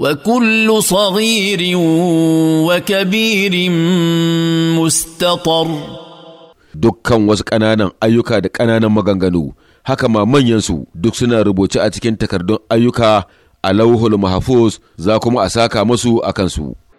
وكل صغير وكبير مستطر dukkan wasu ƙananan ayyuka da ƙananan maganganu haka ma manyansu duk suna rubuce a cikin takardun ayyuka a lauhul mahafuz za kuma a saka masu a kansu.